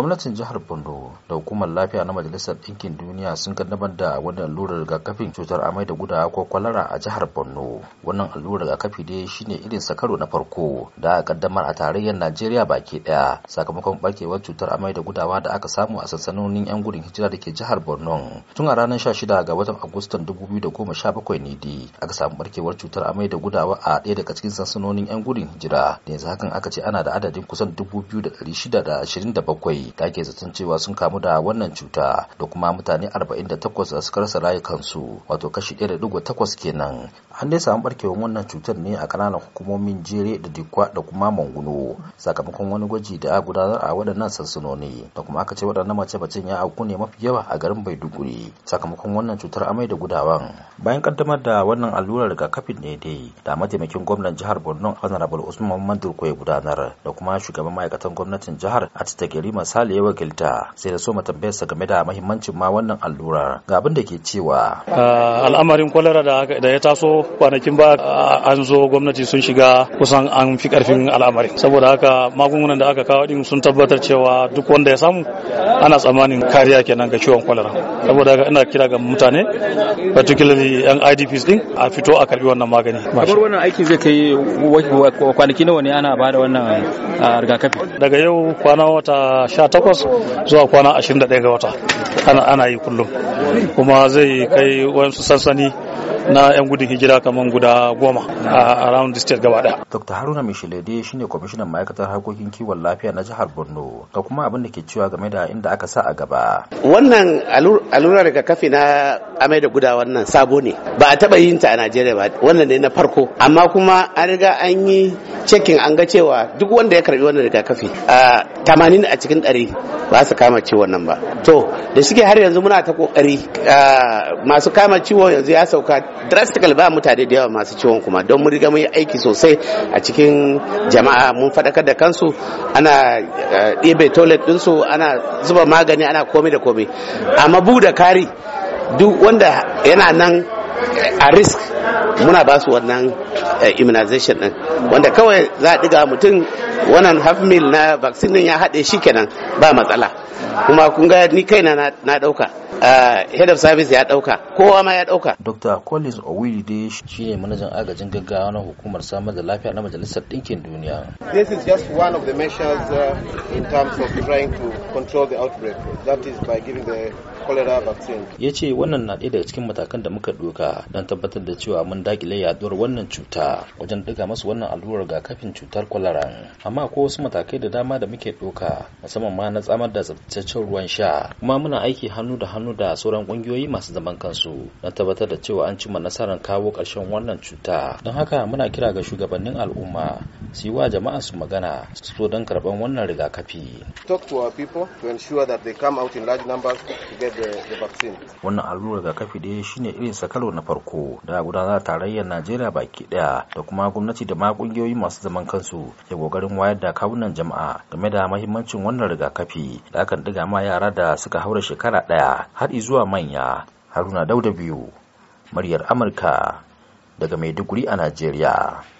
gwamnatin jihar bondo da hukumar lafiya na majalisar ɗinkin duniya sun kaddamar da wani allurar rigakafin cutar amai da gudawa ko kwalara a jihar borno wannan allurar rigakafi dai shine irin sakaro na farko da aka kaddamar a tarayyar najeriya baki ɗaya sakamakon barkewar cutar amai da gudawa da aka samu a sansanonin yan gudun hijira da ke jihar borno tun a ranar 16 ga watan agustan 2017 ne dai aka samu barkewar cutar amai da gudawa a ɗaya daga cikin sansanonin yan gudun hijira da yanzu hakan aka ce ana da adadin kusan 2627 dakika ke zaton cewa sun kamu da wannan cuta da kuma mutane 48 da suka rasa rayukansu wato kashi 1.8 kenan an dai samu barkewar wannan cutar ne a kananan hukumomin jere da dikwa da kuma manguno sakamakon wani gwaji da a gudanar a waɗannan sansanoni da kuma aka ce waɗannan mace-macen ya auku ne mafi yawa a garin maiduguri sakamakon wannan cutar amai da gudawan bayan kaddamar da wannan allurar rigakafin ne dai da mataimakin gwamnan jihar borno honorable usman mandur ya gudanar da kuma shugaban ma'aikatan gwamnatin jihar a tattagerima misali ya wakilta sai da so mu sa game da mahimmancin ma wannan allura ga abin da ke cewa ah, al'amarin kwalara da ya taso kwanakin ba ah, an zo gwamnati sun shiga kusan an fi karfin al'amarin saboda haka magungunan da aka kawo din sun tabbatar cewa duk wanda ya samu ana tsammanin kariya kenan ga ciwon kwalara saboda haka ina kira ga mutane particularly yan IDPs din a fito a karbi wannan magani kamar wannan aikin zai kai kwanaki nawa ne ana bada wannan ah, rigakafi daga yau kwana wata 18 zuwa kwana 21 ga wata ana ana yi kullum kuma zai kai wayansu sansani na 'yan gudun hijira kamar guda goma a around the state gaba daya. Dr. Haruna Mishilede shine kwamishinan ma'aikatar harkokin kiwon lafiya na jihar Borno ta kuma abin da ke cewa game da inda aka sa a gaba. Wannan allurar rigakafi na amai da guda wannan sabo ne ba a taba yin ta a Najeriya ba wannan ne na farko amma kuma an riga an yi cekin an ga cewa duk wanda ya karbi wannan rigakafi a 80 a cikin kokari ba su kama ciwon nan ba to da shike har yanzu muna ta kokari masu kama ciwon yanzu ya sauka drastical ba mutane da yawa masu ciwon kuma don mun riga mun yi aiki sosai a cikin jama'a mun faɗakar da kansu ana ɗebe toilet ɗinsu ana zuba magani ana komai da komai amma bu da kari duk wanda yana nan a risk muna ba su wannan eh, immunization din wanda kawai za a diga mutum wannan half mil na vaccine din ya haɗe shi kenan ba matsala kuma kun ga ni kaina na ɗauka eh, head of service ya ɗauka kowa ma ya ɗauka. dr collins owili shi ne manajan agajin gaggawa na hukumar samar da lafiya na majalisar ɗinkin duniya. this is just one of the measures uh, in terms of trying to control the outbreak that is by giving the cholera vaccine. ya ce wannan na ɗaya daga cikin matakan da muka ɗauka don tabbatar da cewa mun dakile yaduwar wannan cuta wajen diga masu wannan allurar rigakafin cutar kwalara amma akwai wasu matakai da dama da muke ɗauka musamman ma na tsamar da tsabtataccen ruwan sha kuma muna aiki hannu da hannu da sauran kungiyoyi masu zaman kansu na tabbatar da cewa an cimma nasarar kawo karshen wannan cuta don haka muna kira ga shugabannin al'umma su yi wa jama'a su magana su so don karɓar wannan rigakafi. Talk to our people to ensure that they come out in large numbers to get the, vaccine. Wannan allurar rigakafi dai shine irin sakalo na farko da gudanar tare tarayyar najeriya baki daya da kuma gwamnati da ma kungiyoyi masu zaman kansu ke kokarin wayar da kawunan jama'a game da mahimmancin wannan rigakafi da akan diga ma yara da suka haura shekara daya har zuwa manya haruna dauda biyu muryar amurka daga maiduguri a najeriya